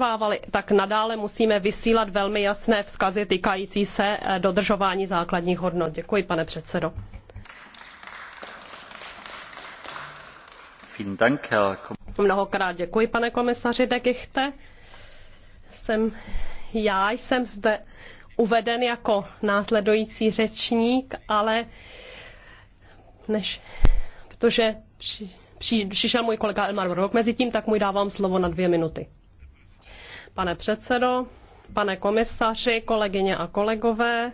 nezachovávali, tak nadále musíme vysílat velmi jasné vzkazy týkající se eh, dodržování základních hodnot. Děkuji, pane předsedo. Mnohokrát děkuji, pane komisaři de Gichte. Jsem, já jsem zde uveden jako následující řečník, ale než, protože přišel můj kolega Elmar Brok mezi tím, tak mu dávám slovo na dvě minuty. Pane předsedo, pane komisaři, kolegyně a kolegové,